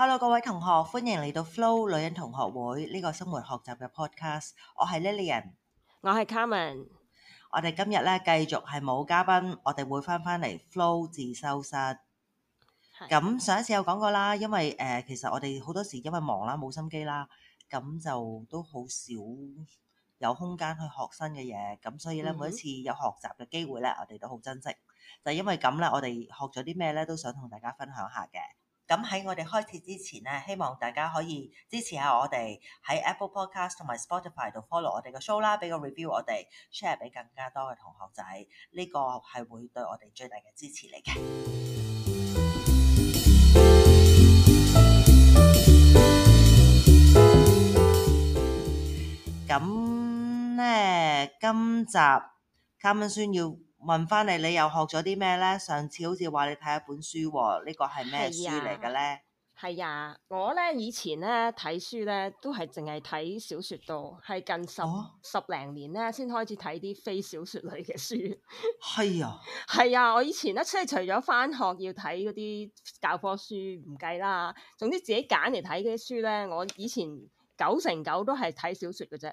Hello，各位同學，歡迎嚟到 Flo 女人同學會呢個生活學習嘅 podcast。我係 Lillian，我係 Carmen。我哋今日咧繼續係冇嘉賓，我哋會翻翻嚟 Flo 自修室。咁上一次有講過啦，因為誒其實我哋好多時因為忙啦冇心機啦，咁就都好少有空間去學新嘅嘢。咁所以咧每一次有學習嘅機會咧，我哋都好珍惜。就因為咁啦，我哋學咗啲咩咧，都想同大家分享下嘅。咁喺我哋開始之前呢，希望大家可以支持下我哋喺 Apple Podcast 同埋 Spotify 度 follow 我哋嘅 show 啦，俾個 review 我哋，share 俾更加多嘅同學仔，呢、這個係會對我哋最大嘅支持嚟嘅。咁咧，今集 Carmen 要。問翻嚟，你又學咗啲咩咧？上次好似話你睇一本書，呢個、書呢個係咩書嚟嘅咧？係啊，啊，我咧以前咧睇書咧都係淨係睇小說多，係近十、哦、十零年咧先開始睇啲非小說類嘅書。係 啊，係啊，我以前咧即係除咗翻學要睇嗰啲教科書唔計啦，總之自己揀嚟睇嘅書咧，我以前九成九都係睇小說嘅啫。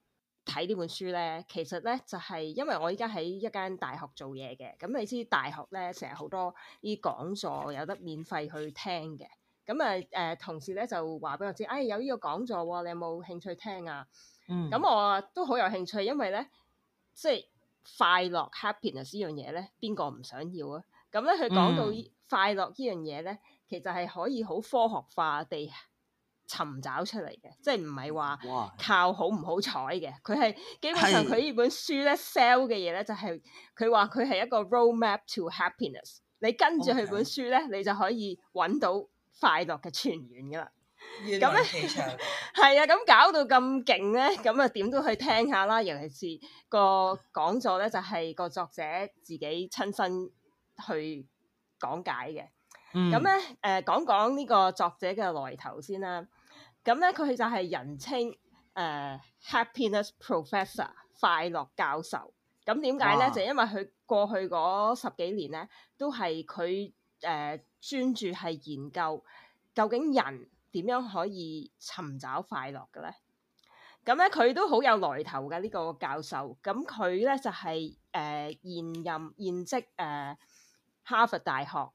睇呢本書咧，其實咧就係因為我依家喺一間大學做嘢嘅，咁你知大學咧成日好多啲講座有得免費去聽嘅，咁啊誒同事咧就話俾我知，哎有呢個講座喎，你有冇興趣聽啊？嗯，咁我都好有興趣，因為咧即係快樂 happiness 呢樣嘢咧，邊個唔想要啊？咁咧佢講到快樂呢樣嘢咧，其實係可以好科學化地尋找出嚟嘅，即係唔係話靠好唔好彩嘅。佢係哇基本上佢呢本書咧 sell 嘅嘢咧就係佢話佢係一個 roadmap to happiness。你跟住佢本書咧，你就可以揾到快樂嘅泉源噶啦。咁咧係啊，咁搞到咁勁咧，咁啊點都去聽下啦。尤其是個講座咧，就係、是、個作者自己親身去講解嘅。咁咧誒，講講呢個作者嘅來頭先啦。咁咧，佢就係人稱誒、呃、Happiness Professor 快樂教授。咁點解咧？哇就因為佢過去嗰十幾年咧，都係佢誒專注係研究究竟人點樣可以尋找快樂嘅咧。咁咧，佢都好有來頭嘅呢、呢個教授。咁佢咧就係、是、誒、呃、現任現職誒哈佛大學。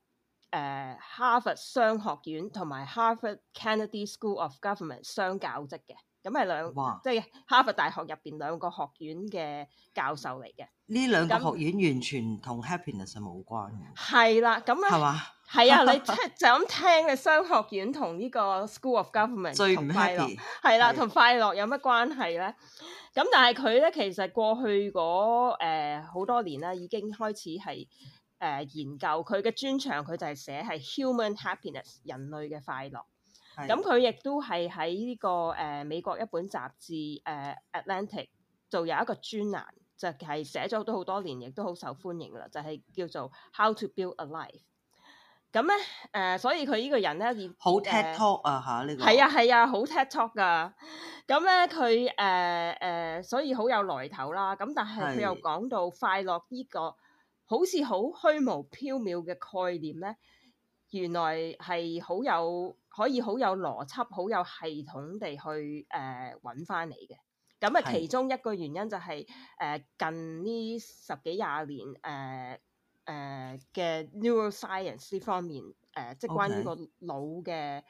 誒，哈佛、uh, 商學院同埋哈佛 Kennedy School of Government 雙教職嘅，咁係兩哇即係哈佛大學入邊兩個學院嘅教授嚟嘅。呢兩個學院那完全同 happiness 係冇關嘅。係啦，咁啊，係嘛？係啊，你即係就咁聽嘅商學院同呢個 School of Government 同快樂係啦，同的的快樂有乜關係咧？咁但係佢咧，其實過去嗰誒好多年啦，已經開始係。誒、呃、研究佢嘅專長，佢就係寫係 human happiness 人類嘅快樂。咁佢亦都係喺呢個誒、呃、美國一本雜誌誒、呃、Atlantic 就有一個專欄，就係、是、寫咗都好多年，亦都好受歡迎啦，就係、是、叫做 How to Build a Life。咁咧誒，所以佢呢個人咧、呃、好 TED talk 啊嚇呢、這個，係啊係啊，啊，好 TED talk 噶。咁咧佢誒誒，所以好有來頭啦。咁但係佢又講到快樂呢、這個。好似好虛無縹緲嘅概念呢，原來係好有可以好有邏輯、好有系統地去誒揾翻嚟嘅。咁、呃、啊，其中一個原因就係、是、誒、呃、近呢十幾廿年誒誒、呃、嘅、呃、neuroscience 呢方面誒、呃，即係關於個腦嘅。Okay.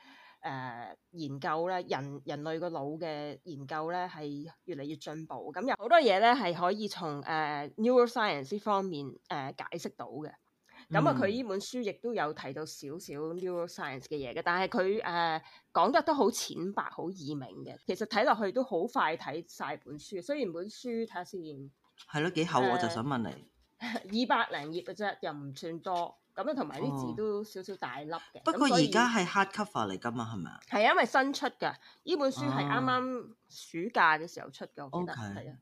誒、呃，研究咧人、人類個腦嘅研究咧係越嚟越進步，咁有好多嘢咧係可以從誒、呃、neuroscience 方面誒解釋到嘅。咁、嗯、啊，佢、嗯、呢本書亦都有提到少少 neuroscience 嘅嘢嘅，但係佢誒講得都好淺白，好易明嘅。其實睇落去都好快睇晒本書，雖然本書睇下先。係咯、嗯，幾厚我就想問你。二百零頁嘅啫，又唔算多。咁啊，同埋啲字都少少大粒嘅。不過而家係 hardcover 嚟㗎嘛，係咪啊？係因為新出㗎，呢本書係啱啱暑假嘅時候出嘅，哦、我記得係啊。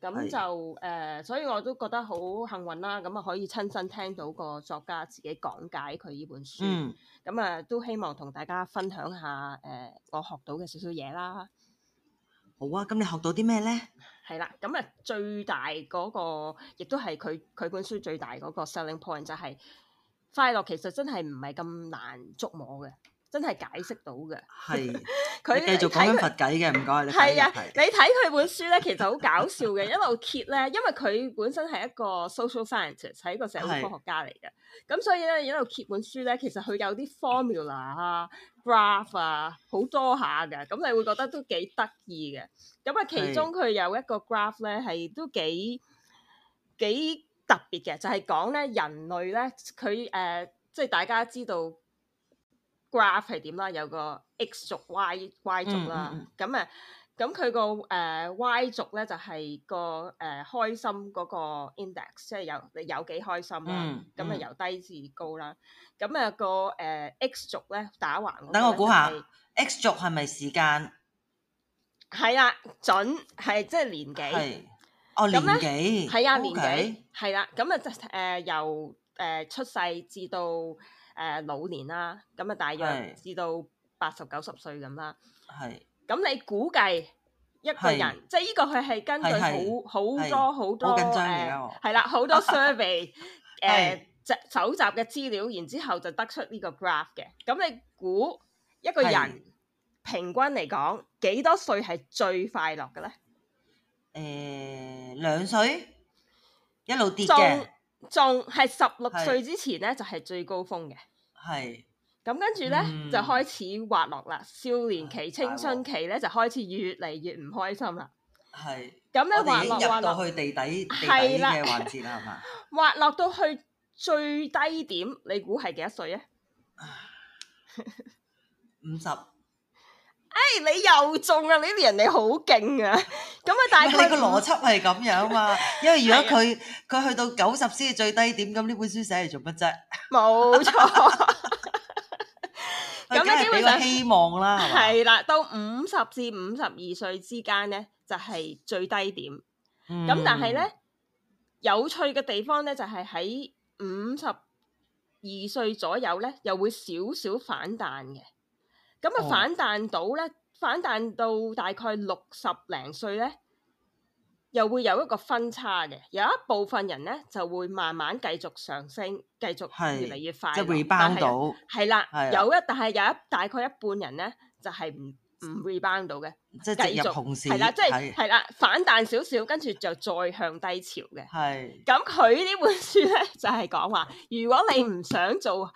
咁就誒，所以我都覺得好幸運啦。咁啊，可以親身聽到個作家自己講解佢呢本書。咁啊、嗯嗯，都希望同大家分享下誒我學到嘅少少嘢啦。好啊！咁你學到啲咩咧？係啦，咁啊，最大嗰個，亦都係佢佢本書最大嗰個 selling point 就係。快樂其實真係唔係咁難捉摸嘅，真係解釋到嘅。係佢繼續講佛偈嘅，唔該 他。係 啊，你睇佢本書咧，其實好搞笑嘅， 一路揭咧，因為佢本身係一個 social scientist，係一個社會科學家嚟嘅。咁是所以咧，一路揭一本書咧，其實佢有啲 formula 啊、graph 啊，好多下嘅。咁你會覺得都幾得意嘅。咁啊，其中佢有一個 graph 咧，係都幾幾。是特別嘅就係、是、講咧人類咧佢誒即係大家知道 graph 係點啦，有個 x 軸、y 軸啦，咁啊咁佢個誒 y 軸咧、嗯呃、就係個誒、呃、開心嗰個 index，即係有有幾開心啦、啊，咁啊、嗯、由低至高啦，咁啊、嗯那個誒、呃、x 軸咧打橫，橫。等我估下，x 軸係咪時間？係啊，準係即係年紀。咁年紀，係啊，年紀，係啦，咁啊，即係由誒出世至到誒老年啦，咁啊，大約至到八十九十歲咁啦。係。咁你估計一個人，即係呢個佢係根據好好多好多誒，係啦，好多 survey 誒集蒐集嘅資料，然之後就得出呢個 graph 嘅。咁你估一個人平均嚟講幾多歲係最快樂嘅咧？誒，兩歲、嗯、一路跌嘅，仲仲係十六歲之前咧是就係最高峰嘅，係是。咁跟住咧就開始滑落啦，少年期、青春期咧就開始越嚟越唔開心啦。係是。咁咧滑落滑落去地底地底嘅環節啦，係嘛？滑落到去最低點，你估係幾多歲啊？五十。哎，你又中啊！你呢啲人 5, 你好勁啊！咁啊，但係佢，我哋個邏輯係咁樣嘛， 因為如果佢佢是的 去到九十先至最低點，咁呢本書寫嚟做乜啫？冇錯，咁咧 基本上希望啦，係啦、嗯，到五十至五十二歲之間咧，就係、是、最低點。咁、嗯、但係咧，有趣嘅地方咧，就係喺五十二歲左右咧，又會少少反彈嘅。咁啊，反彈到咧，反彈到大概六十零歲咧，又會有一個分叉嘅，有一部分人咧就會慢慢繼續上升，繼續越嚟越快，即係 rebound 到。係啦，有一但係有一大概一半人咧，就係唔唔 rebound 到嘅，即係繼續。係啦，即係係啦，反彈少少，跟住就再向低潮嘅。係。咁佢呢本書咧就係講話，如果你唔想做。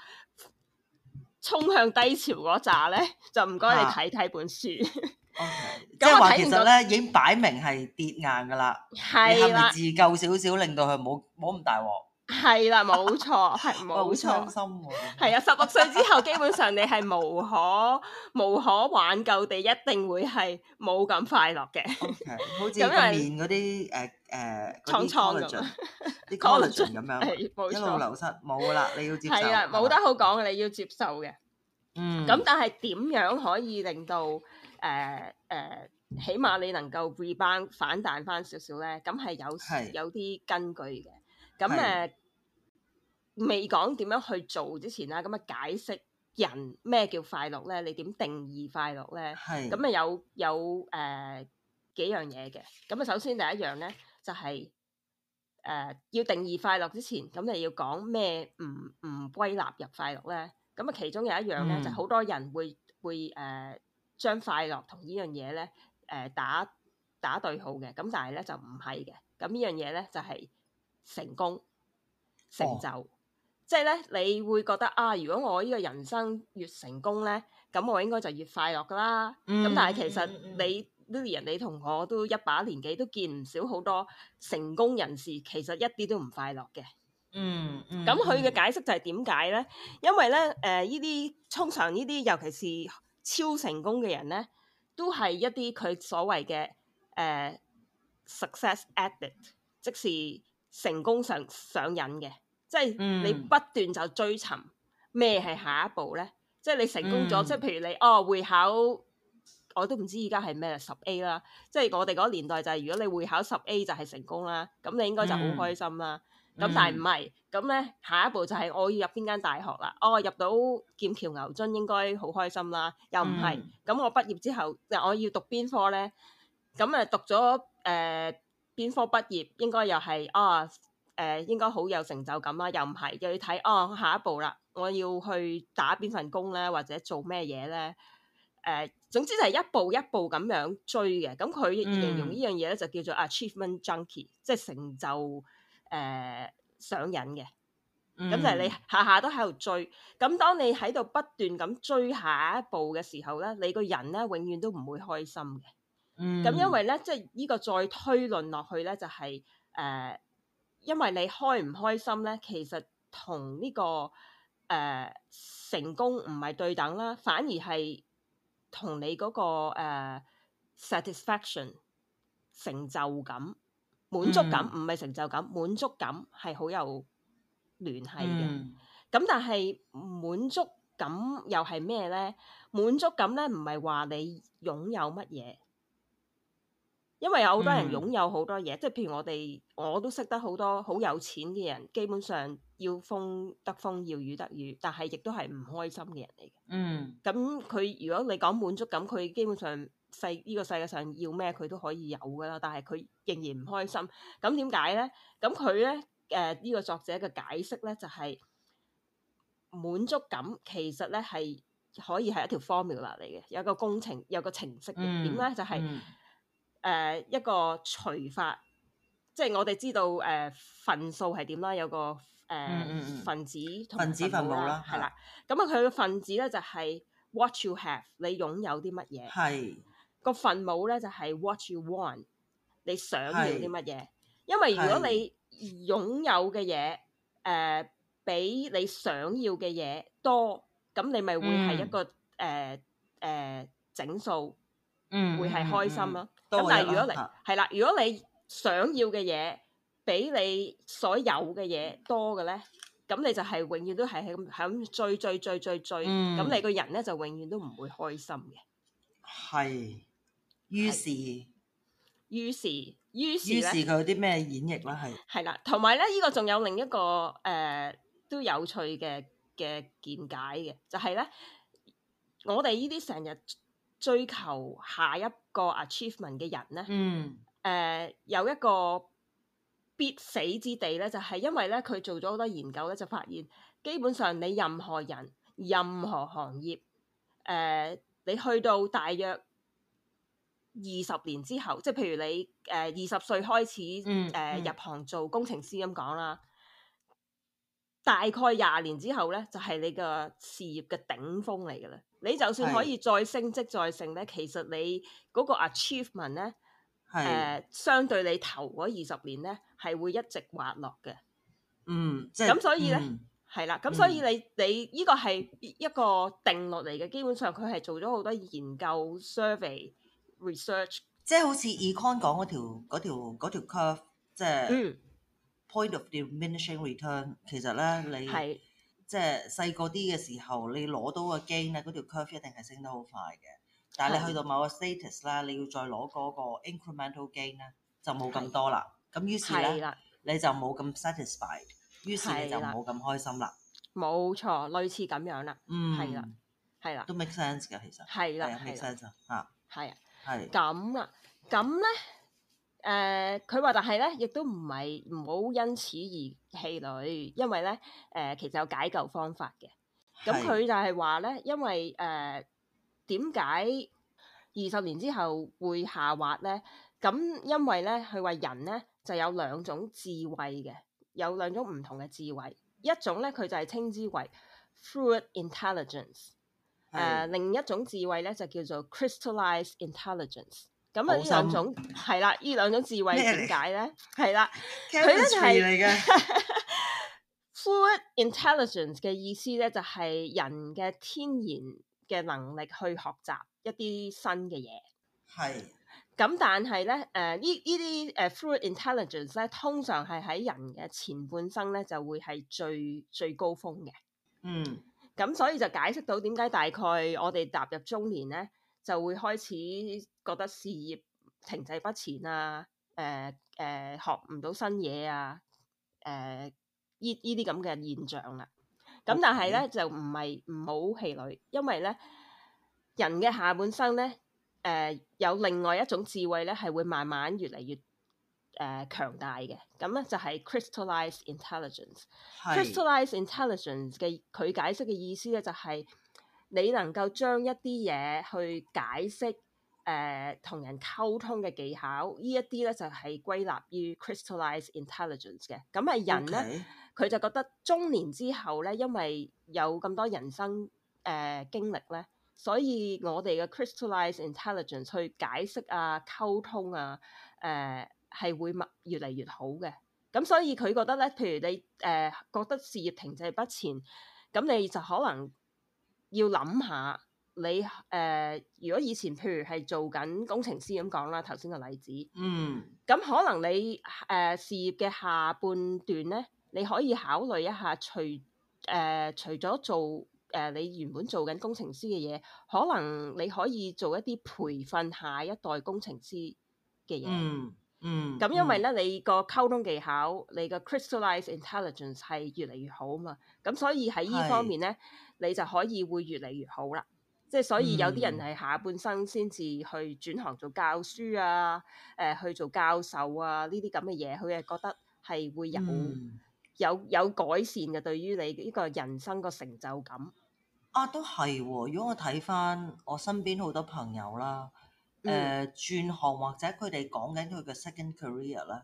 衝向低潮嗰扎咧，就唔該你睇睇本書。咁即係話其實咧， 已經擺明係跌硬㗎喇，係咪？自救少少， 令到佢冇冇咁大鑊。係啦，冇錯，係冇錯。係啊，十六歲之後，基本上你係無可無可挽救地，一定會係冇咁快樂嘅。OK，好似面嗰啲誒誒，創創咁，啲 collagen 咁樣，一路流失冇啦，你要接受。係啦，冇得好講，你要接受嘅。嗯。咁但係點樣可以令到誒誒，起碼你能夠 rebound 反彈返少少咧？咁係有有啲根據嘅。咁誒。未講點樣去做之前啦，咁啊解釋人咩叫快樂咧？你點定義快樂咧？係咁啊有有誒、呃、幾樣嘢嘅。咁啊首先第一樣咧就係、是、誒、呃、要定義快樂之前，咁你要講咩唔唔歸納入快樂咧？咁啊其中有一樣咧、嗯、就好多人會會誒、呃、將快樂同呢樣嘢咧誒打打對號嘅。咁但係咧就唔係嘅。咁呢樣嘢咧就係、是、成功成就。哦。即係咧，你會覺得啊，如果我呢個人生越成功咧，咁我應該就越快樂噶啦。咁、嗯、但係其實你、嗯、Lilian，你同我都一把年紀都見唔少好多成功人士，其實一啲都唔快樂嘅、嗯。嗯，咁佢嘅解釋就係點解咧？因為咧，誒呢啲通常呢啲，尤其是超成功嘅人咧，都係一啲佢所謂嘅誒 success addict 即是成功上上癮嘅。即係你不斷就追尋咩係下一步咧？即係你成功咗，嗯、即係譬如你哦會考，我都唔知而家係咩十 A 啦。即係我哋嗰年代就係如果你會考十 A 就係成功啦，咁你應該就好開心啦。咁、嗯、但係唔係，咁咧下一步就係我要入邊間大學啦。哦，入到劍橋牛津應該好開心啦，又唔係。咁、嗯、我畢業之後，我要讀邊科咧？咁誒讀咗誒邊科畢業，應該又係哦。誒、呃、應該好有成就感啦，又唔係又要睇哦。下一步啦，我要去打邊份工咧，或者做咩嘢咧？誒、呃，總之就係一步一步咁樣追嘅。咁佢形容呢樣嘢咧，嗯、就叫做 achievement junkie，即係成就誒、呃、上癮嘅。咁、嗯嗯、就係你下下都喺度追。咁當你喺度不斷咁追下一步嘅時候咧，你個人咧永遠都唔會開心嘅。咁、嗯嗯、因為咧，即係呢個再推論落去咧，就係、是、誒。呃因為你開唔開心咧，其實同呢、這個誒、呃、成功唔係對等啦，反而係同你嗰、那個、呃、satisfaction 成就感、滿足感，唔係成就感，滿、嗯、足感係好有聯繫嘅。咁、嗯、但係滿足感又係咩咧？滿足感咧唔係話你擁有乜嘢。因為有好多人擁有好多嘢，嗯、即係譬如我哋，我都識得好多好有錢嘅人，基本上要風得風，要雨得雨，但係亦都係唔開心嘅人嚟嘅。嗯，咁佢如果你講滿足感，佢基本上世呢、這個世界上要咩佢都可以有噶啦，但係佢仍然唔開心。咁點解咧？咁佢咧誒呢、呃這個作者嘅解釋咧就係、是、滿足感其實咧係可以係一條 formula 嚟嘅，有個工程，有個程式。嗯，點咧、嗯、就係、是嗯誒、uh, 一個除法，即係我哋知道誒、呃、分數係點啦，有個誒分、呃嗯嗯、子同分母啦，係啦。咁啊、嗯，佢嘅分子咧就係、是、what you have，你擁有啲乜嘢，係是個分母咧就係、是、what you want，你想要啲乜嘢？是因為如果你擁有嘅嘢誒比你想要嘅嘢多，咁你咪會係一個誒誒、嗯呃呃、整數。嗯，會係開心咯。咁但係如果你係啦，如果你想要嘅嘢比你所有嘅嘢多嘅咧，咁你就係永遠都係喺咁，係咁追追追追追。咁你個人咧就永遠都唔會開心嘅。係，於是，於是，於是咧，於是佢有啲咩演繹啦？係係啦，同埋咧，呢個仲有另一個誒，都有趣嘅嘅見解嘅，就係咧，我哋呢啲成日。追求下一個 achievement 嘅人咧，誒、嗯呃、有一個必死之地咧，就係、是、因為咧佢做咗好多研究咧，就發現基本上你任何人任何行業，誒、呃、你去到大約二十年之後，即係譬如你誒二十歲開始誒、嗯嗯呃、入行做工程師咁講啦。大概廿年之後咧，就係、是、你個事業嘅頂峰嚟噶啦。你就算可以再升職再升咧，的其實你嗰個 achievement 咧，誒的、呃，相對你頭嗰二十年咧，係會一直滑落嘅。嗯，咁、就是、所以咧係啦，咁、嗯、所以你你呢個係一個定律嚟嘅，基本上佢係做咗好多研究 survey research，即係好似 Econ 講嗰條嗰條條 curve，即係。Point of diminishing return 其實咧，你即係細個啲嘅時候，你攞到個 gain 咧，嗰條 curve 一定係升得好快嘅。但係你去到某個 status 啦，你要再攞嗰個 incremental gain 咧，就冇咁多啦。咁於是咧，你就冇咁 satisfied，於是你就冇咁開心啦。冇錯，類似咁樣啦。嗯，係啦，係啦，都 make sense 㗎，其實係啦，係。make sense 嚇係啊，係咁啦，咁咧。誒佢話，uh, 但係咧，亦都唔係唔好因此而氣餒，因為咧，誒、呃，其實有解救方法嘅。咁佢就係話咧，因為誒點解二十年之後會下滑咧？咁、嗯、因為咧，佢話人咧就有兩種智慧嘅，有兩種唔同嘅智慧，一種咧佢就係稱之為 fluid intelligence，誒是、uh, 另一種智慧咧就叫做 crystallized intelligence。咁啊，呢兩種係啦，呢深兩種智慧點解咧？係啦麼，佢咧就係 fluid intelligence 嘅意思咧，就係、是、人嘅天然嘅能力去學習一啲新嘅嘢。係的。咁但係咧，誒、呃、呢呢啲誒 fluid intelligence 咧，通常係喺人嘅前半生咧，就會係最最高峰嘅。嗯。咁所以就解釋到點解大概我哋踏入中年咧，就會開始覺得事業停滯不前啊，誒、呃、誒、呃、學唔到新嘢啊，誒呢呢啲咁嘅現象啦、啊。咁但係咧 Okay. 就唔係唔好氣餒，因為咧，人嘅下半生咧，誒有另外一種智慧咧，係會慢慢越嚟越誒強、呃、大嘅。咁咧就係 crystallized intelligence。是 crystallized intelligence 嘅佢解釋嘅意思咧就係、是。你能夠將一啲嘢去解釋，誒、呃、同人溝通嘅技巧，呢一啲咧就係、是、歸納於 crystallised intelligence 嘅。咁啊，人咧佢就覺得中年之後咧，因為有咁多人生誒、呃、經歷咧，所以我哋嘅 crystallised intelligence 去解釋啊溝通啊誒係、呃、會越嚟越好嘅。咁所以佢覺得咧，譬如你誒、呃、覺得事業停滯不前，咁你就可能。要諗下你誒、呃，如果以前譬如係做緊工程師咁講啦，頭先個例子，嗯，咁可能你誒、呃、事業嘅下半段咧，你可以考慮一下，除誒、呃、除咗做誒、呃、你原本做緊工程師嘅嘢，可能你可以做一啲培訓下一代工程師嘅嘢。嗯。嗯，咁因為咧，你個溝通技巧，嗯、你個 crystallized intelligence 係越嚟越好嘛，咁是所以喺依方面咧，你就可以會越嚟越好啦。嗯、即係所以有啲人係下半生先至去轉行做教書啊，誒、呃、去做教授啊，呢啲咁嘅嘢，佢係覺得係會有、嗯、有有改善嘅對於你呢個人生個成就感。嗯、啊，都係喎，如果我睇翻我身邊好多朋友啦。誒、轉行或者佢哋講緊佢嘅 second career 啦，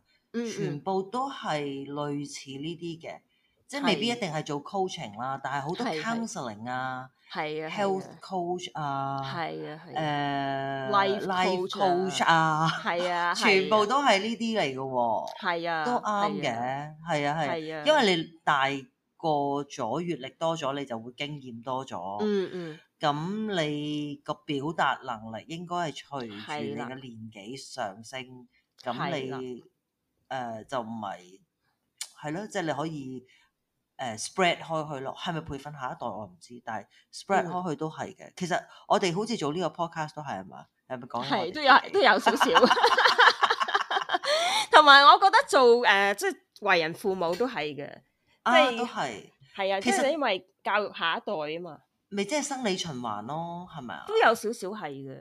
全部都係類似呢啲嘅，即係未必一定係做 coaching 啦，但係好多 counseling 啊，係啊，health coach 啊，係啊，誒 life coach 啊，係啊，全部都係呢啲嚟嘅喎，係啊，都啱嘅，係啊係，因為你大過咗，閱歷多咗，你就會經驗多咗，嗯。嗯嗯，咁你個表達能力應該係隨住你嘅年紀上升。咁、嗯、你誒就唔係係咯，即係、嗯、你可以誒、呃、spread 開去咯。係咪培訓下一代我唔知，但係 spread 開去都係嘅。嗯、其實我哋好似做呢個 podcast 都係係嘛，係咪講係都有，都有少少。同埋我覺得做誒即係為人父母都係嘅。即，啊，都係，係啊，其實因為教育下一代啊嘛，咪即係生理循環咯，係咪啊？都有少少係嘅。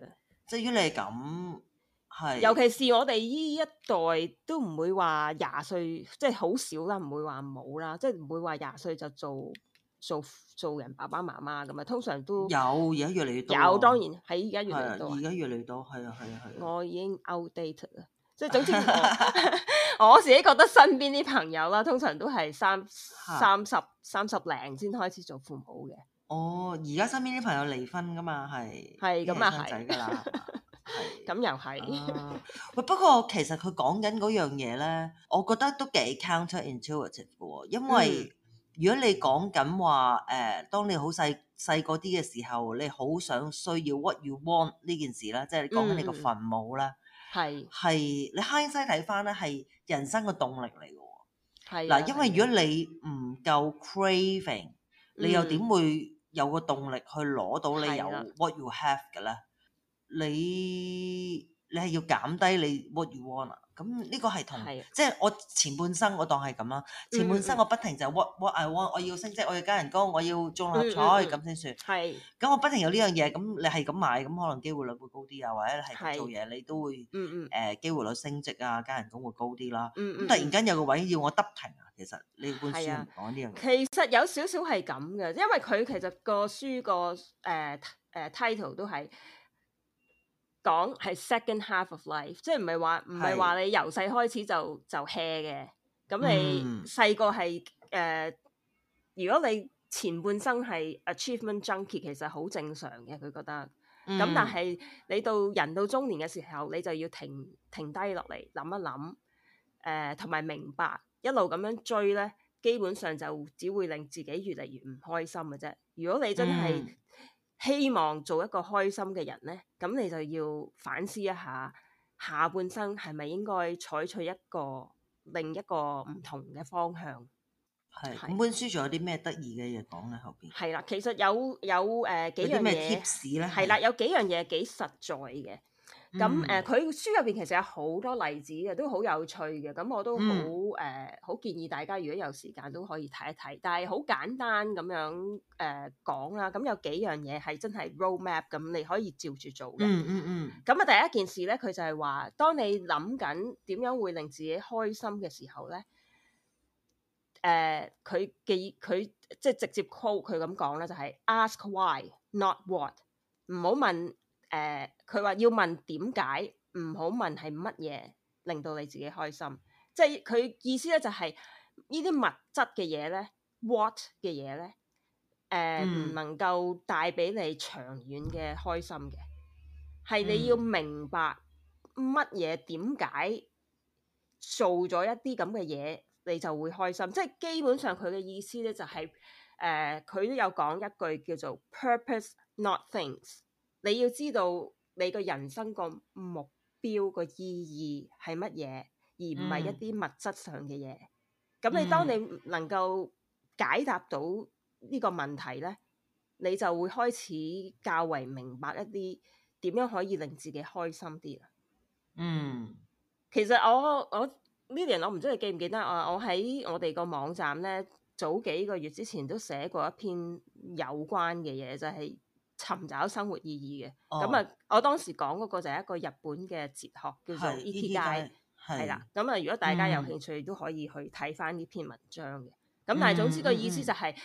至於你咁，係，尤其是我哋依一代都唔會話廿歲，即係好少啦，唔會話冇啦，即係唔會話廿歲就做做做人爸爸媽媽咁啊，通常都有，而家越嚟越多。有當然喺而家越嚟越多，而家越嚟越多，係啊係啊係啊。我已經 outdated 喇。即係總之， 我自己覺得身邊啲朋友啦，通常都係三 三十三十零先開始做父母嘅。哦，而家身邊啲朋友離婚噶嘛，係係咁啊，係咁又係。喂，不過其實佢講緊嗰樣嘢咧，我覺得都幾 counterintuitive 嘅、哦。因為如果你講緊話，誒、呃，當你好細細個啲嘅時候，你好想需要 what you want 呢件事啦，即係你講緊你個墳墓啦。 係係，你慳西睇翻咧，係人生嘅動力嚟嘅喎。嗱、啊，因為如果你唔夠 craving，、嗯、你又點會有個動力去攞到你有 what you have 嘅咧、啊？你你係要減低你 what you wanna。咁呢個係同，的即係我前半生我當係咁啦，前半生我不停就 what 嗯嗯 what want，我要升職，我要加人工，我要中六合彩咁先算。係的，咁我不停有呢樣嘢，咁你係咁買，咁可能機會率會高啲啊，或者係做嘢的你都會，誒、嗯嗯呃、機會率升職啊，加人工會高啲啦。咁、嗯嗯、突然間有個位要我得停啊，其實呢本書講呢樣嘢。的其實有少少係咁嘅，因為佢其實個書個誒誒 title 都係。講係 second half of life，即係唔係話唔係話你由細開始就就 hea 嘅，咁、嗯、你細個係誒，如果你前半生係 achievement junkie，其實好正常嘅，佢覺得。咁、嗯、但係你到人到中年嘅時候，你就要停停低落嚟諗一諗，誒同埋明白一路咁樣追咧，基本上就只會令自己越嚟越唔開心嘅啫。如果你真係，嗯希望做一個開心嘅人咧，咁你就要反思一下下半生係咪應該採取一個另一個唔同嘅方向？係、嗯，是本書仲有啲咩得意嘅嘢講咧後邊？係啦，其實有有誒、呃、幾樣嘢 tips 咧，係啦，有幾樣嘢幾實在嘅。的咁誒，佢、嗯、書入邊其實有好多例子嘅，都好有趣嘅。咁我都好誒，好、嗯呃、建議大家如果有時間都可以睇一睇。但係好簡單咁樣誒、呃、講啦。咁有幾樣嘢係真係 roadmap 咁，你可以照住做嘅、嗯。嗯嗯嗯。咁啊，第一件事咧，佢就係話，當你諗緊點樣會令自己開心嘅時候咧，誒、呃，佢記佢即係直接 call 佢咁講啦，就係、是、ask why, not what，唔好問誒。呃佢話要問點解，唔好問係乜嘢令到你自己開心，即係佢意思咧就係、是、呢啲物質嘅嘢咧，what 嘅嘢咧，誒、呃、唔、嗯、能夠帶俾你長遠嘅開心嘅，係你要明白乜嘢點解做咗一啲咁嘅嘢，你就會開心。即係基本上佢嘅意思咧就係、是，誒佢都有講一句叫做 purpose not things，你要知道。你個人生個目標個意義係乜嘢，而唔係一啲物質上嘅嘢。咁、嗯、你當你能夠解答到呢個問題咧，嗯、你就會開始較為明白一啲點樣可以令自己開心啲啦。嗯，其實我我 Lilian，我唔知你記唔記得我，我喺我哋個網站咧，早幾個月之前都寫過一篇有關嘅嘢，就係、是。尋找生活意義嘅，咁啊，我當時講嗰個就係一個日本嘅哲學，叫做 ikigai 係啦。咁啊、e.，是如果大家有興趣都、嗯、可以去睇翻呢篇文章嘅。咁但係總之個意思就係、是嗯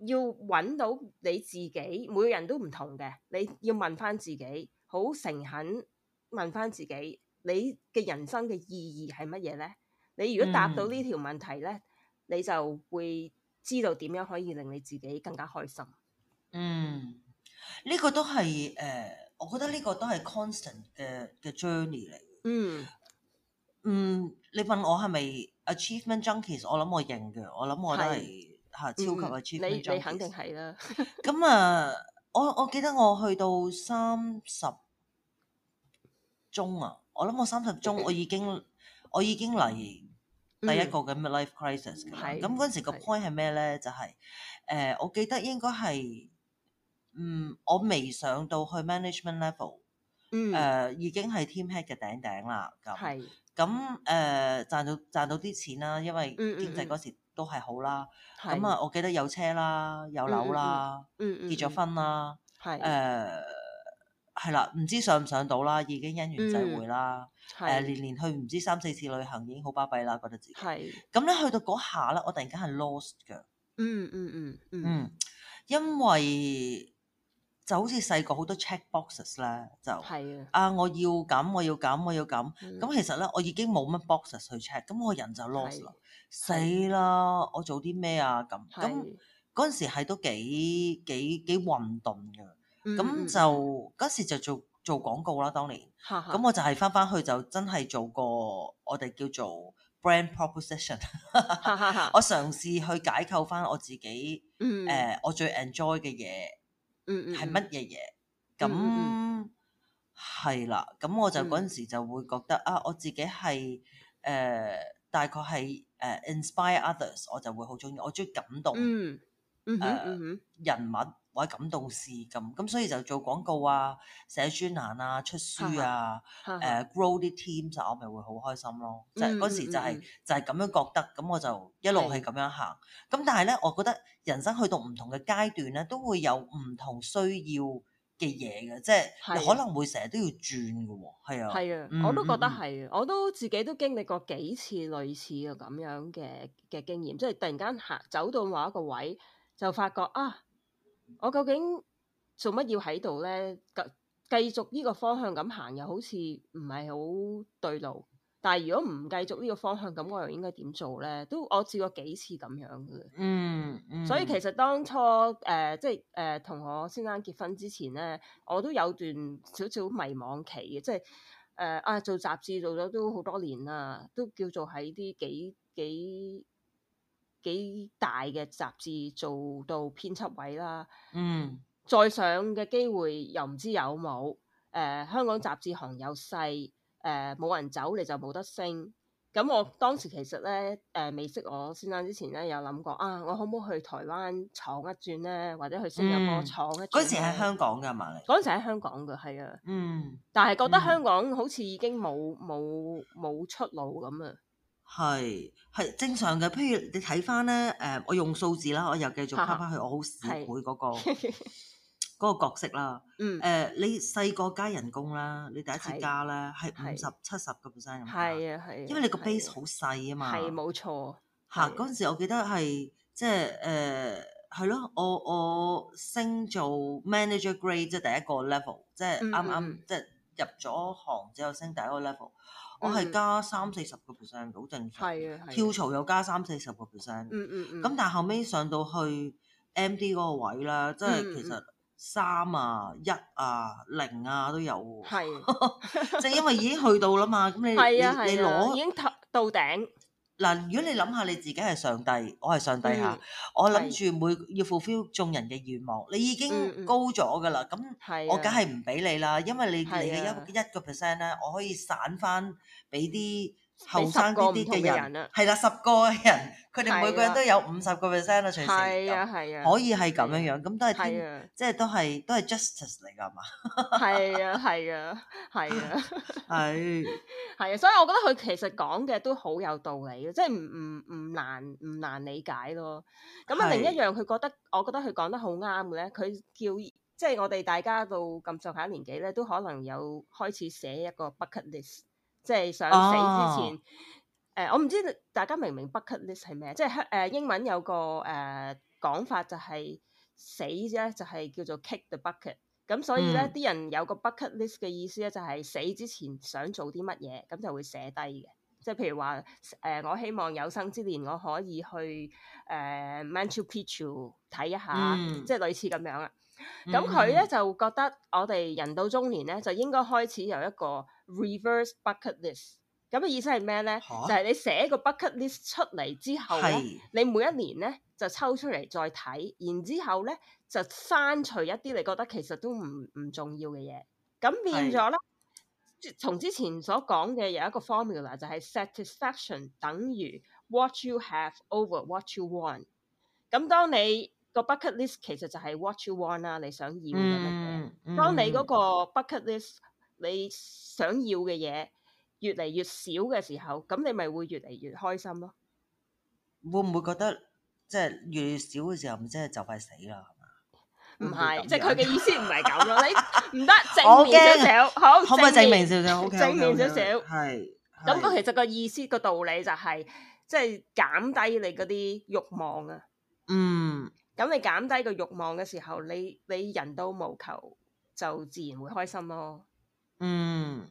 嗯、要揾到你自己，每個人都唔同嘅。你要問翻自己，好誠懇問翻自己，你嘅人生嘅意義係乜嘢咧？你如果答到呢條問題咧，嗯、你就會知道點樣可以令你自己更加開心。嗯。呢個都係誒、呃，我覺得呢個都係 constant 嘅嘅 journey 嚟。嗯，嗯，你問我係咪 achievement junkies，我諗我認嘅，我諗我都係吓是、啊、超級 achievement junkies。嗯、肯定係啦。咁 啊、嗯，我我記得我去到三十鐘啊，我諗我三十鐘我已經 我已經嚟第一個嘅 life crisis。咁嗰、嗯嗯、時個 point 係咩咧？就係、是、誒、呃，我記得應該係。嗯，我未上到去 management level，嗯，誒已經係 team head 嘅頂頂啦，咁，係，咁誒賺到賺到啲錢啦，因為經濟嗰時都係好啦，咁啊，我記得有車啦，有樓啦，嗯結咗婚啦，係，誒係啦，唔知上唔上到啦，已經因緣際會啦，誒年年去唔知三四次旅行已經好巴閉啦，覺得自己，係，咁咧去到嗰下咧，我突然間係 lost 嘅，嗯嗯嗯嗯，因為。就好似細個好多 check boxes 咧，就係啊！我要咁，我要咁，我要咁。咁其實咧，我已經冇乜 boxes 去 check，咁我人就 lost 啦，死啦！我做啲咩啊？咁咁嗰陣時係都幾幾幾混沌㗎。咁就嗰時就做做廣告啦。當年咁我就係翻翻去就真係做個我哋叫做 brand proposition。我嘗試去解構翻我自己，誒，我最 enjoy 嘅嘢。嗯，係乜嘢嘢？咁係啦，咁、嗯、我就嗰陣時就會覺得、嗯、啊，我自己係誒、呃，大概係誒、呃、inspire others，我就會好中意，我中意感動。嗯嗯哼，人物或者感動事咁咁，所以就做廣告啊、寫專欄啊、出書啊、誒、mm hmm. uh, grow 啲 team 就我咪會好開心咯。Mm hmm. 就嗰、是、時就係就係咁樣覺得，咁我就一路係咁樣行。咁、mm hmm. 但係咧，我覺得人生去到唔同嘅階段咧，都會有唔同需要嘅嘢嘅，mm hmm. 即係可能會成日都要轉㗎喎。係啊、mm，係、hmm. 啊，我都覺得係，我都自己都經歷過幾次類似嘅咁樣嘅嘅經驗，即係突然間行走到某一個位。就發覺啊，我究竟做乜要喺度咧？繼繼續呢個方向咁行，又好似唔係好對路。但係如果唔繼續呢個方向，咁我又應該點做咧？都我試過幾次咁樣嘅。嗯。嗯，所以其實當初誒，即係誒同我先生結婚之前咧，我都有段少少迷惘期嘅。即係誒啊，做雜誌做咗都好多年啦，都叫做喺啲幾幾。幾幾大嘅雜誌做到編輯位啦，嗯，再上嘅機會又唔知有冇誒、呃？香港雜誌行又細誒，冇、呃、人走你就冇得升。咁我當時其實咧誒未識我先生之前咧，有諗過啊，我可唔可以去台灣闖一轉咧，或者去新加坡闖一闖？嗰陣、嗯、時喺香港㗎嘛？嗰陣時喺香港㗎，係啊，嗯，但係覺得香港好似已經冇冇冇出路咁啊！係係正常嘅，譬如你睇翻咧，誒、呃，我用數字啦，我又繼續翻翻去，啊、我好時會嗰個角色啦。嗯，誒，你細個加人工啦，你第一次加啦，係五十七十個 percent 咁加。係啊係。因為你個 base 好細啊嘛。係冇錯。嚇！嗰陣、啊、時我記得係即係誒係咯，我我升做 manager grade 即係第一個 level，即係啱啱即係入咗行之後升第一個 level、嗯。我係加三四十個 percent，好正常。跳槽又加三四十個 percent。嗯咁、嗯、但係後尾上到去 MD 嗰個位啦，即係其實三啊、一啊、零啊都有喎。係的。即係 因為已經去到啦嘛，咁 你你你拿攞已經到頂。嗱，如果你諗下你自己係上帝，我係上帝嚇，嗯、我諗住每是要 fulfil 眾人嘅願望，你已經高咗噶啦，咁、嗯嗯、我梗係唔俾你啦，啊、因為你、啊、你嘅一一個 percent 咧，我可以散翻俾啲。後生呢啲嘅人，係啦，十個人，佢哋每個人都有五十個 percent 啊，除係啊係啊，啊可以係咁樣樣，咁都係，即係都係都係 justice 嚟噶，係嘛？係啊係啊係啊，係係啊，所以我覺得佢其實講嘅都好有道理咯，即係唔唔唔難唔難理解咯。咁啊，另一樣佢覺得，我覺得佢講得好啱嘅咧，佢叫即係、就是、我哋大家到咁上下年紀咧，都可能有開始寫一個 bucket list。即係想死之前，誒、oh. 呃、我唔知大家明唔明白 bucket list 係咩？即係香、呃、英文有個誒講、呃、法就係、是、死咧就係、是、叫做 kick the bucket。咁所以咧啲、嗯、人有個 bucket list 嘅意思咧就係死之前想做啲乜嘢，咁就會寫低嘅。即係譬如話誒、呃，我希望有生之年我可以去誒、呃、Machu Picchu 睇一下，嗯、即係類似咁樣啊。咁佢咧就覺得我哋人到中年咧就應該開始有一個 reverse bucket list。咁嘅意思係咩咧？哈就係你寫一個 bucket list 出嚟之後咧，是你每一年咧就抽出嚟再睇，然之後咧就刪除一啲你覺得其實都唔唔重要嘅嘢。咁變咗咧，即是從之前所講嘅有一個 formula 就係 satisfaction 等於 what you have over what you want。咁當你個 bucket list 其實就係 what you want 啦，你想要嘅嘢。當你嗰個 bucket list 你想要嘅嘢越嚟越少嘅時候，咁你咪會越嚟越開心咯。會唔會覺得即係越少嘅時候，唔即係就快死啦？係嘛？唔係，即係佢嘅意思唔係咁咯。你唔得正面少少，好可唔可以正面少少？好，正面少少係。咁其實個意思個道理就係即係減低你嗰啲欲望啊。嗯。咁你減低個欲望嘅時候，你你人都冇求，就自然會開心咯。嗯，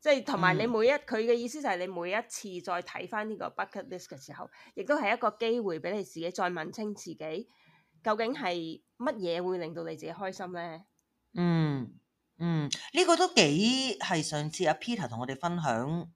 即係同埋你每一佢嘅意思就係你每一次再睇返呢個 bucket list 嘅時候，亦都係一個機會俾你自己再問清自己究竟係乜嘢會令到你自己開心咧。嗯。嗯嗯，呢、這個都幾係上次阿 Peter 同我哋分享誒嗰、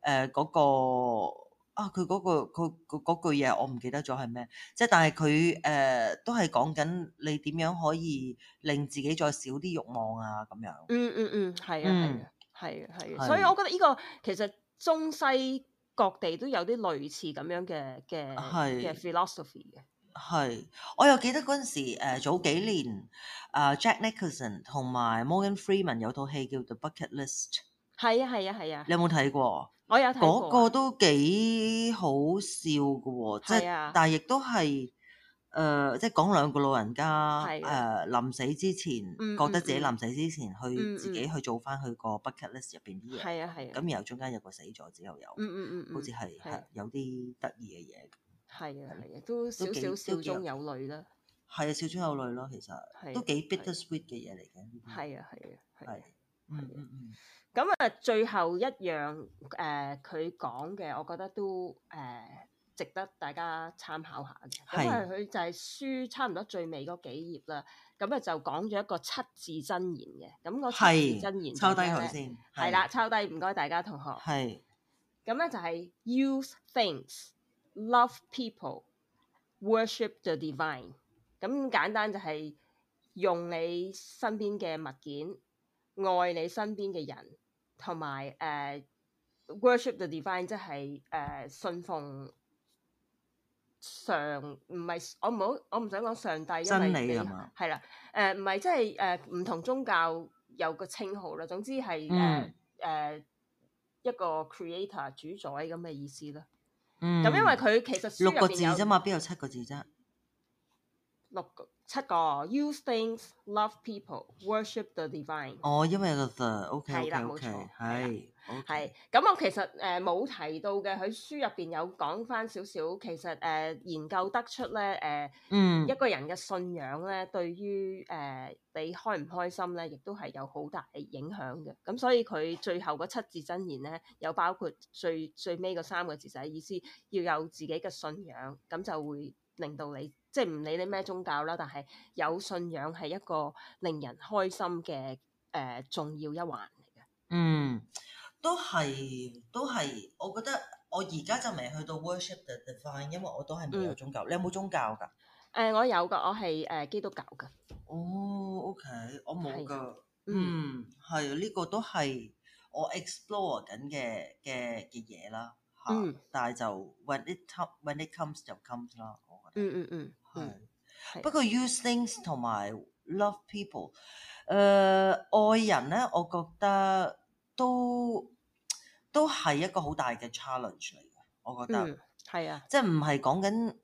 呃嗰個。啊！佢嗰佢句嘢我唔記得咗係咩，即係但係佢誒都係講緊你點樣可以令自己再少啲慾望啊咁樣。嗯嗯嗯，係啊係啊係啊係啊，所以我覺得呢個其實中西各地都有啲類似咁樣嘅嘅嘅 philosophy 嘅。係，我又記得嗰陣時、啊、早幾年啊 Jack Nicholson 同埋 Morgan Freeman 有套戲叫做《The Bucket List》。係啊係啊係啊，啊啊啊啊你有冇睇過？我有睇過嗰個都幾好笑嘅喎，即係，但係亦都係，誒，即係講兩個老人家誒臨死之前，覺得自己臨死之前去自己去做翻佢個 bucket list 入邊啲嘢，係啊係啊，咁然後中間有個死咗，之後又嗯嗯嗯，好似係係有啲得意嘅嘢，係啊係啊，都少少笑中有淚啦，係啊笑中有淚咯，其實都幾 bittersweet 嘅嘢嚟嘅，係啊係啊係。嗯嗯嗯，咁啊，最後一樣誒，佢講嘅，我覺得都誒、呃、值得大家參考下嘅，因為佢就係書差唔多最尾嗰幾頁啦。咁啊，就講咗一個七字真言嘅。咁個七字真言、就係，抄低佢先，係啦，抄低，唔該大家同學。係咁咧，就係 use things, love people, worship the divine。咁簡單就係用你身邊嘅物件。愛你身邊嘅人，同埋誒 worship the divine，即係誒、uh, 信奉上，唔係我唔好，我唔想講上帝，因為你真理啊嘛，係啦吧，誒唔係即係誒唔同宗教有個稱號啦，總之係誒誒一個 creator 主宰咁嘅意思啦。嗯。咁因為佢其實六個字啫嘛，邊有七個字啫？六個。七個 use things, love people, worship the divine。哦、oh, okay，因為個實 OK OK OK 冇錯，係係咁，嗯、我其實誒冇提到嘅，喺書入邊有講翻少少。其實誒研究得出咧，誒、呃嗯、一個人嘅信仰咧，對於誒、呃、你開唔開心咧，亦都係有好大影響嘅。咁所以佢最後嗰七字真言咧，有包括最最尾個三個字就係意思要有自己嘅信仰，咁就會令到你。即係唔理你咩宗教啦，但係有信仰係一個令人開心嘅誒重要一環嚟嘅。嗯，都係都係，我覺得我而家就未去到 worship the divine，因為我都係冇宗教。你有冇宗教㗎？誒，我有㗎，我係誒基督教㗎。哦，OK，我冇㗎。嗯，係呢個都係我 explore 緊嘅嘅嘅嘢啦嚇。嗯，但係就 when it come when it comes 就 comes 啦。我覺得。嗯嗯嗯。係，嗯、不過的 use things 同埋 love people，誒、呃，愛人咧，我覺得都都係一個好大嘅 challenge 嚟，我覺得係啊，嗯、即係唔係講緊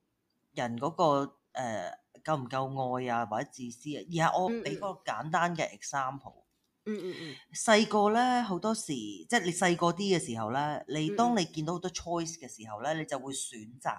人嗰、那個誒、呃、夠唔夠愛啊，或者自私啊，而係我俾個、嗯嗯、簡單嘅 example，嗯嗯嗯，細個咧，好多時，即係你細個啲嘅時候咧，你當你見到好多 choice 嘅時候咧，你就會選擇。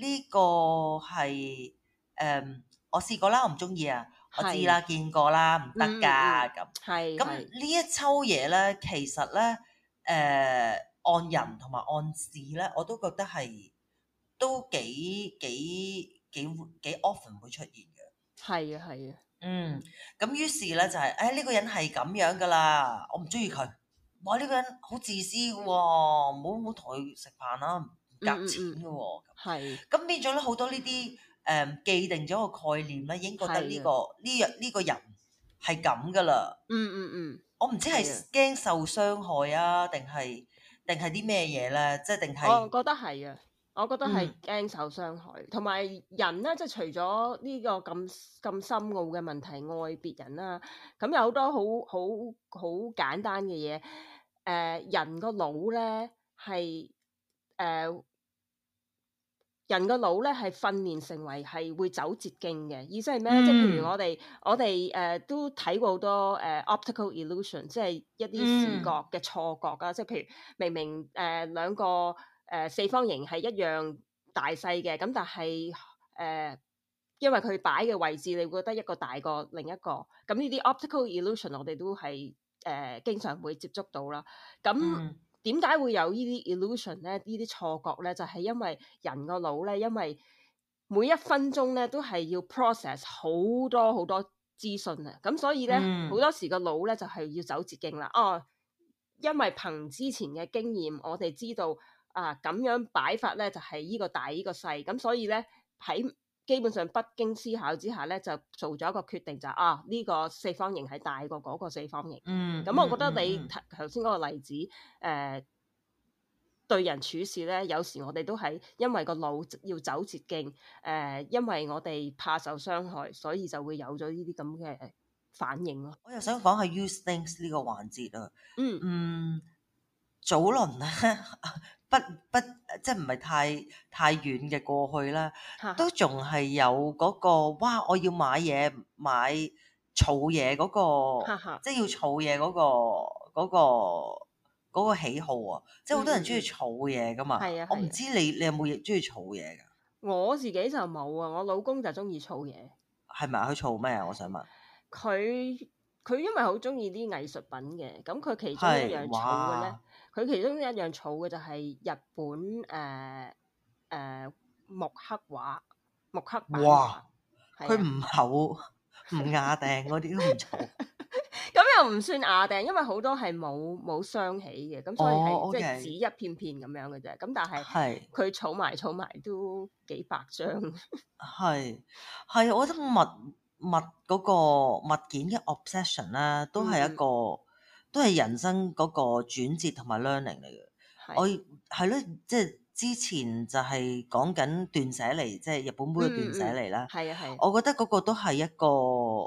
呢個係誒、嗯，我試過啦，我唔中意啊，我知啦，係，見過啦，唔得㗎咁。係咁呢一抽嘢咧，其實咧誒、呃，按人同埋按事咧，我都覺得係都幾幾幾幾 often 會出現嘅。係啊，係啊，嗯，咁於是咧、嗯、就係誒呢個人係咁樣㗎啦，我唔中意佢。哇，呢、呢個人好自私喎，唔好好同佢食飯啦，唔夾錢嘅喎。係，咁變咗咧好多呢啲誒既定咗個概念咧，已經覺得呢、呢個呢樣呢個人係咁噶啦。嗯嗯嗯，我唔知係驚受傷害啊，定係定係啲咩嘢咧？即係定係我覺得係啊，我覺得係驚受傷害。同埋、嗯、人咧，即係除咗呢個咁咁深奧嘅問題愛別人啦，咁有好多好好好簡單嘅嘢。誒、呃，人個腦咧係誒。人個腦咧係訓練成為係會走捷徑嘅，意思係咩、嗯、即係譬如我哋我哋誒、呃、都睇過好多誒、呃、optical illusion，即係一啲視覺嘅錯覺啊！嗯、即係譬如明明誒、呃、兩個誒、呃、四方形係一樣大細嘅，咁但係誒、呃、因為佢擺嘅位置，你會覺得一個大過另一個。咁呢啲 optical illusion 我哋都係誒、呃、經常會接觸到啦。咁、嗯嗯點解會有呢啲 illusion 咧？呢啲錯覺咧，就係、是、因為人個腦咧，因為每一分鐘咧都係要 process 好多好多資訊啊，咁所以咧好、嗯、多時個腦咧就係、是、要走捷徑啦。哦、啊，因為憑之前嘅經驗，我哋知道啊咁樣擺法咧就係、是、依個大依個細，咁所以咧喺。基本上不經思考之下咧，就做咗一個決定、就是，就啊呢、呢個四方形係大過嗰個四方形。嗯，咁我覺得你頭先嗰個例子，誒、嗯呃、對人處事咧，有時我哋都係因為個腦要走捷徑誒、呃，因為我哋怕受傷害，所以就會有咗呢啲咁嘅反應咯。我又想講係 use things 呢個環節啊。嗯嗯，組論啊。 不不，即係唔係太太遠嘅過去啦，都仲係有嗰個哇！我要買嘢買儲嘢嗰個， 即係要儲嘢嗰個嗰個、嗰個喜好啊！即係好多人中意儲嘢噶嘛。係啊。我唔知你你有冇嘢中意儲嘢噶？我自己就冇啊，我老公就中意儲嘢。係咪？佢儲咩啊？我想問。佢佢因為好中意啲藝術品嘅，咁佢其中一樣儲嘅咧。佢其中一樣儲嘅就係日本誒誒木刻畫、木刻版畫。哇！佢唔厚唔雅定嗰啲都唔儲。咁又唔算雅定，因為好多係冇冇雙起嘅，咁所以係即係紙一片片咁樣嘅啫。咁但係佢儲埋儲埋都幾百張。係係，我覺得物物嗰個物件嘅 obsession 咧，都係一個。都係人生嗰個轉折同埋 learning 嚟嘅，的我係咯，即係、就是、之前就係講緊斷捨離，即、就、係、是、日本妹嘅斷捨離啦。係啊係，嗯、我覺得嗰個都係一個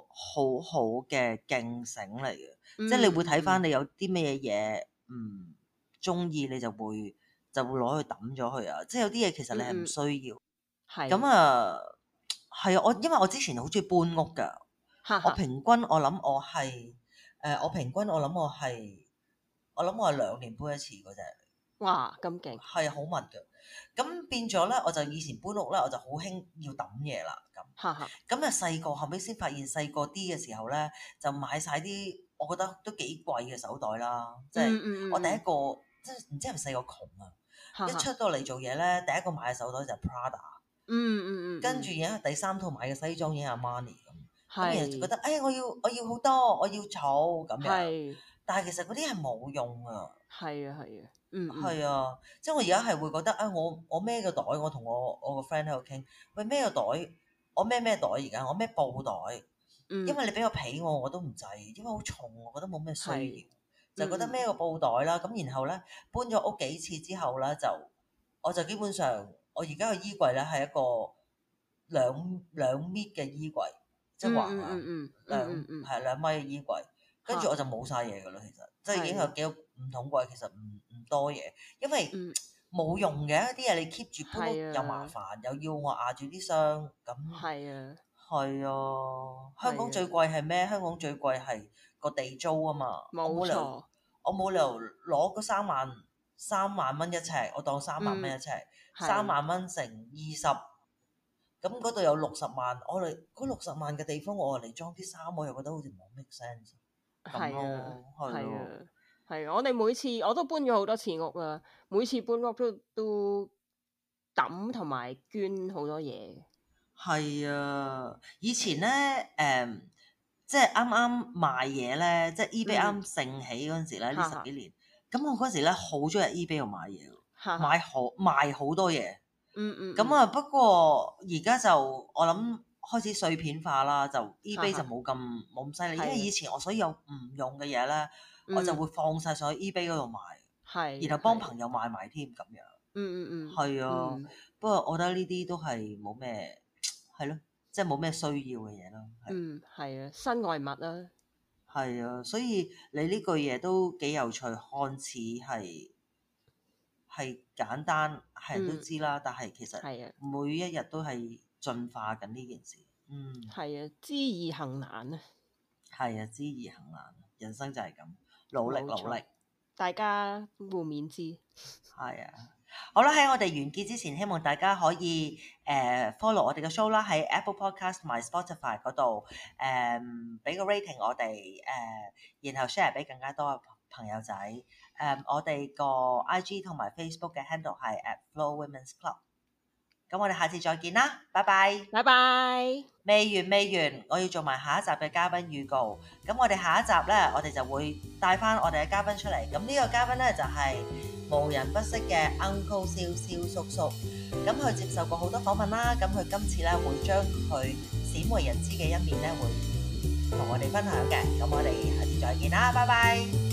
好好嘅警醒嚟嘅，嗯、即係你會睇翻你有啲咩嘢嘢，嗯，唔中意你就會就會攞去抌咗佢啊。即係有啲嘢其實你係唔需要，係咁、嗯、啊，係啊，我因為我之前好中意搬屋㗎，哈哈我平均我諗我係。誒，我平均我諗我係，我諗我係兩年搬一次嗰隻。哇，咁勁！係好密嘅，咁變咗咧，我就以前搬屋咧，我就好興要揼嘢啦，咁。嚇咁啊，細個後尾先發現細個啲嘅時候咧，就買晒啲我覺得都幾貴嘅手袋啦，即係我第一個即係唔知係咪細個窮啊？一出到嚟做嘢咧，嗯、第一個買嘅手袋就係 Prada、嗯。嗯嗯嗯。嗯跟住而家第三套買嘅西裝已經係 Armani 咁然後就覺得，哎，我要我要好多，我要儲咁樣。是但係其實嗰啲係冇用啊。係啊，係啊，嗯，係、嗯、啊，即係我而家係會覺得，啊、哎，我我孭個袋，我同我我個 friend 喺度傾，喂，孭個袋，我孭咩袋而家？我孭布袋，嗯、因為你俾個皮我我都唔制，因為好重，我覺得冇咩需要，是就覺得孭個布袋啦。咁、嗯、然後咧搬咗屋幾次之後啦，就我就基本上我而家個衣櫃咧係一個兩兩米嘅衣櫃。即係橫，兩係兩米嘅衣櫃，跟住我就冇晒嘢噶啦。其實即係已經有幾個唔同櫃，其實唔唔多嘢，因為冇用嘅一啲嘢，你 keep 住鋪又麻煩，又要我壓住啲箱。咁係啊，係啊。香港最貴係咩？香港最貴係個地租啊嘛。冇理由。我冇理由攞嗰三萬三萬蚊一尺，我當三萬蚊一尺，三萬蚊乘二十。咁嗰度有六十萬，我哋，嗰六十萬嘅地方，我嚟裝啲衫，我又覺得好似冇咩 sense。係啊，係啊，係。我哋每次我都搬咗好多次屋啊。每次搬屋都都抌同埋捐好多嘢。係啊，以前咧誒、嗯，即係啱啱賣嘢咧，即係 eBay 啱盛起嗰陣時咧呢十幾年，咁、嗯、我嗰時咧好中意喺 eBay 度買嘢，嗯、買好賣好多嘢。嗯嗯，咁啊，不過而家就我諗開始碎片化啦，就 eBay 就冇咁冇咁犀利，因為以前我所有唔用嘅嘢咧，我就會放晒上去 eBay 嗰度賣，係，然後幫朋友賣埋添咁樣，嗯嗯嗯，係啊，不過我覺得呢啲都係冇咩，係咯，即係冇咩需要嘅嘢咯，嗯，係啊，身外物啊，係啊，所以你呢句嘢都幾有趣，看似係。係簡單，係人都知啦。嗯、但係其實係啊，每一日都係進化緊呢件事。嗯，係啊，知易行難啊。係啊，知易行難，人生就係咁，努力努力，大家互勉之。係啊，好啦，喺我哋完結之前，希望大家可以誒、uh, follow 我哋嘅 show 啦，喺 Apple Podcast、My Spotify 度誒俾個 rating 我哋誒，uh, 然後 share 俾更加多。朋友仔，誒、嗯，我哋個 IG 同埋 Facebook 嘅 handle 係 at Flow Women's Club。咁我哋下次再見啦，拜拜，拜拜 Bye bye。未完未完，我要做埋下一集嘅嘉賓預告。咁我哋下一集呢，我哋就會帶翻我哋嘅嘉賓出嚟。咁呢個嘉賓呢，就係、是、無人不識嘅 Uncle 蕭蕭叔叔。咁佢接受過好多訪問啦，咁佢今次呢，會將佢鮮為人知嘅一面呢，會同我哋分享嘅。咁我哋下次再見啦，拜拜。